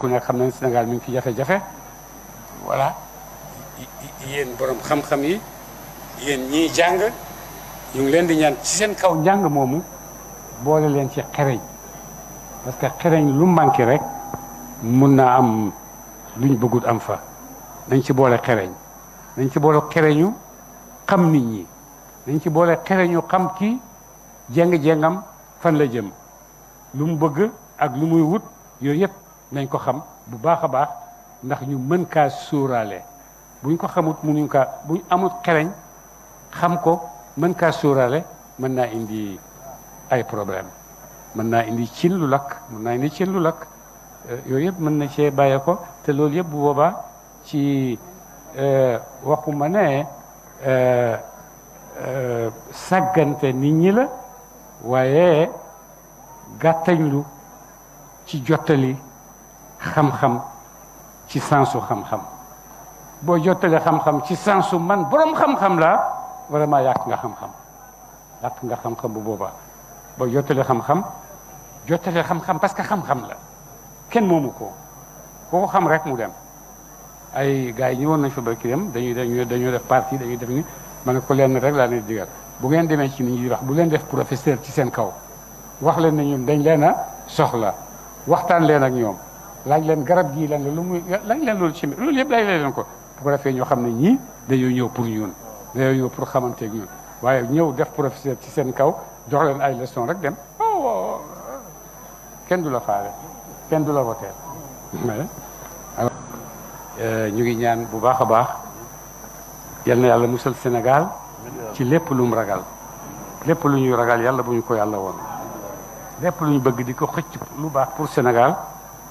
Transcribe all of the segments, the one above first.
ku nekk xam nañ Sénégal mi ngi ci jafe-jafe voilà yéen borom xam-xam yi yéen ñii jàng ñu ngi leen di ñaan ci seen kaw njàng moomu boole leen ci xereñ parce que xereñ lu manqué rek mun naa am lu luñ bëggut am fa nañ ci boole xereñ nañ ci boole xereñu xam nit ñi nañ ci boole xereñu xam ki jéng-jéngam fan la jëm lu mu bëgg ak lu muy wut yooyu yëpp nañ ko xam bu baax a baax ndax ñu mën kaa sóoraale buñ ko xamut mënuñ kaa buñ amut xereñ xam ko mën kaa sóoraale mën naa indi ay problème mën naa indi cin lu lakk mën naa indi cin lu lakk euh, yooyu yëpp mën na cee bàyyee ko te loolu yëpp bu boobaa ci euh, waxuma ne euh, sàggante nit ñi la waaye gàttañlu ci jottali xam-xam ci sensu xam-xam boo jottale xam-xam ci sensu man borom xam-xam laa vraiment yàq nga xam-xam yàq nga xam-xam bu boobaa boo jottale xam-xam jottale xam-xam parce que xam-xam la kenn moomu ko koo xam rek mu dem ay gars yi ñëwoon nañ fa barki dem dañuy dañuy dañuy def parti dañuy def ni ma ne ko lenn rek laa leen digal bu ngeen demee ci ni ñuy wax bu leen def professeur ci seen kaw wax leen ne ñun dañ leen a soxla waxtaan leen ak ñoom. laaj leen garab gii lan la lu muy laaj leen loolu ci loolu yëpp laaj leen ko bu ko defee ñoo xam ne ñii dañoo ñëw pour ñun dañoo ñëw pour xamanteeg ñun waaye ñëw def professeur ci seen kaw jox leen ay leçon rek dem oh, oh, oh. kenn du la faale kenn du la woteel euh, ñu ngi ñaan bu baax a baax yal na yàlla musal Sénégal ci lépp lu ragal lépp lu ñuy ragal yàlla bu ñu ko yàlla woon lépp lu ñu bëgg di ko xëcc lu baax pour Sénégal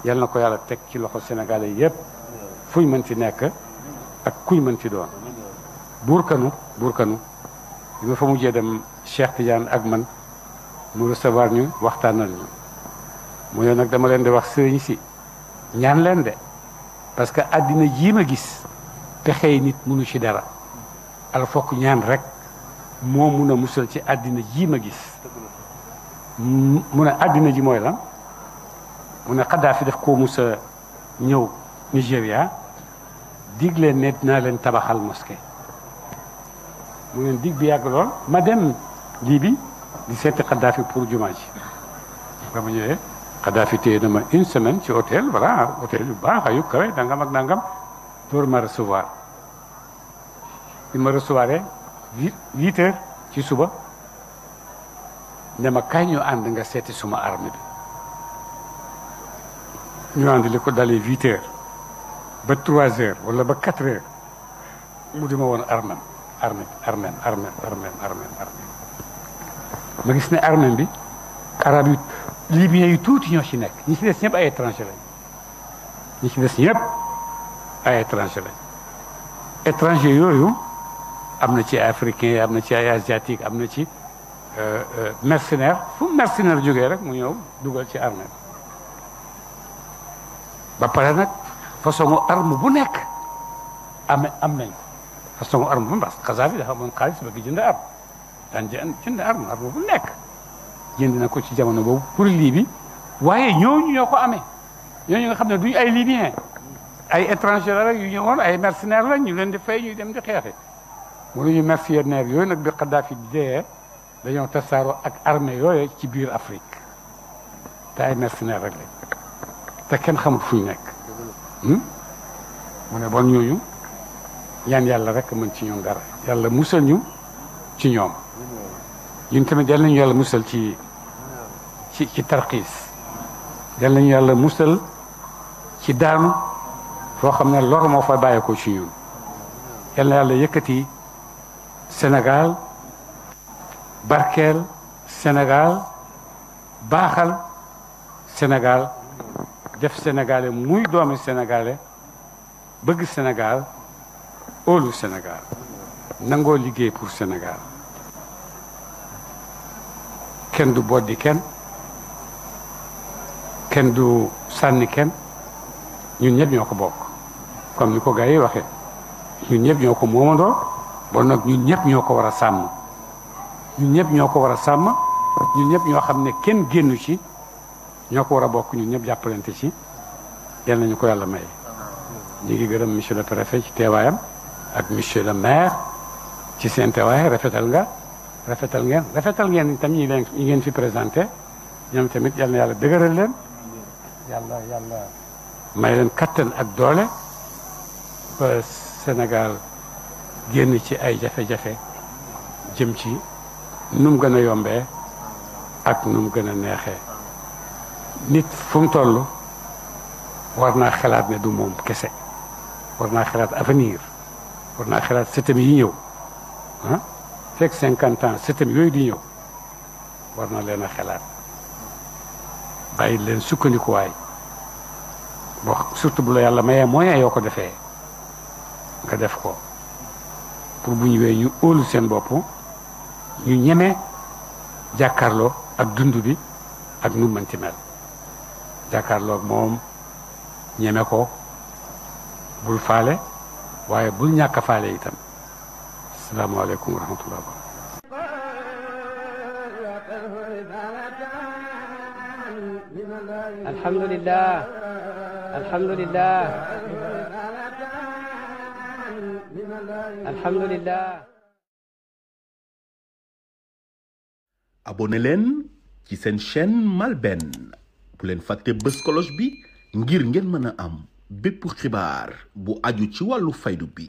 yal na ko yàlla teg ci loxo sénégalais yépp fuñ mën ci nekk ak kuñ mën ci doon buur kanu buur kanu bi ma fa mujjee dem Cheikh Tidiane ak man mu recevoir ñu waxtaanal ñu mu ne nag dama leen di wax sëriñ si ñaan leen de parce que àddina jii ma gis pexey nit mënu ci dara al fokk ñaan rek moo mun a musal ci àddina jii ma gis mu ne àddina ji mooy lan mu ne Kadhafi daf koo mus ñëw Nigéria digle ne naa leen tabaxal mosquée mu ne dig bi yàgg lool ma dem lii bi di seeti Kadhafi pour jumaa ji ba mu ñëwee Kadhafi téye na ma une semaine ci hôtel voilà hôtel yu baax yu kawe dangam ak dangam door ma recevoir bi ma recevoir huit heures ci suba ne ma kay ñu ànd nga seeti suma armée ñu ànd li ko dalee huit heures ba trois heures wala ba quatre heures mu di ma woon armem armem armem armem armem armem armem gis ne armem bi arab yu libyen yu tuuti ñoo ci nekk ñi ci des ñëpp ay étranger lañ ñi ci des ñëpp ay étranger lañ yooyu am na ci africain am na ci ay asiatique am na ci euh, euh, mercenaire fu mercenaire jógee rek mu ñëw dugal ci armée ba pare nag façon arme bu nekk am am nañ ko façon arme bu mbas Kadhafi dafa amoon xaalis bëgg jënd arme daan jënd arme arme bu nekk jënd na ko ci jamono boobu pour Libye waaye ñooñu yooko ko amee ñooñu nga xam ne duñu ay Libyens ay étranger la yu ñëwoon ay mercenaires la ñu leen di fay ñuy dem di xeexi mënuñu mercenaires yooyu nag bi Kadhafi dee dañoo tasaaroo ak armée yooyu ci biir Afrique te ay mercenaires rek te kenn xamul fu ñu nekk hmm? mu ne bon ñooñu ñaan yàlla rek mën ci ñoom dara yàlla musal ñu ci ñoom ñu tamit yal nañu yàlla musal ci ci ci tarxiis yal nañu yàlla musal ci daanu foo xam ne lor moo fa bàyyeekoo ci ñun yal yàlla yëkkati Sénégal barkeel Sénégal baaxal Sénégal def sénégalais muy doomi senegaale bëgg senegaal óolu Sénégal nangoo liggéey pour Sénégal kenn du boddi kenn kenn du sànni kenn ñu ñëpp ñoo ko bokk comme ni ko gars yi waxee ñu ñëpp ñoo ko moomandoo bon nag ñu ñëpp ñoo ko war a sàmm ñun ñëpp ñoo ko war a sàmm ñun ñëpp ñoo xam ne kenn génnu ci ñoo ko war a bokk ñun ñëpp jàppalante ci yal nañu ko yàlla may. ñu ngi gërëm monsieur le préfet ci teewaayam ak monsieur le maire ci seen teewaay rafetal nga rafetal ngeen rafetal ngeen itam ñi leen ñi ngeen fi présenté ñoom tamit yal na yàlla dëgëral leen yàlla yàlla may leen kattan ak doole ba Sénégal génn ci ay jafe-jafe jëm ci nu mu gën a yombee ak nu mu gën a neexee. nit fu mu toll war naa xelaat ne du moom kese war naa xelaat avenir war naa xalaat sëtëm yi ñëw ah fekk cinquante sëtëm yooyu di ñëw war na leen a xalaat bàyyi leen sukkandikuwaay boo surtout bu la yàlla mayee moyen yoo ko defee nga def ko pour bu ñëwee ñu óolu seen bopp ñu ñeme jàkkaarloo ak dund bi ak nu mënti mel jàkkaarloog moom ñeme ko bul faale waaye bul ñàkk a faale itam asalaamaaleykum wa rahmatullah alhamdulilah alhamdulilah leen ci seen chaîne MALBN bu leen fàtte bës cloche bi ngir ngeen mën a am bépp xibaar bu aju ci wàllu faydu bi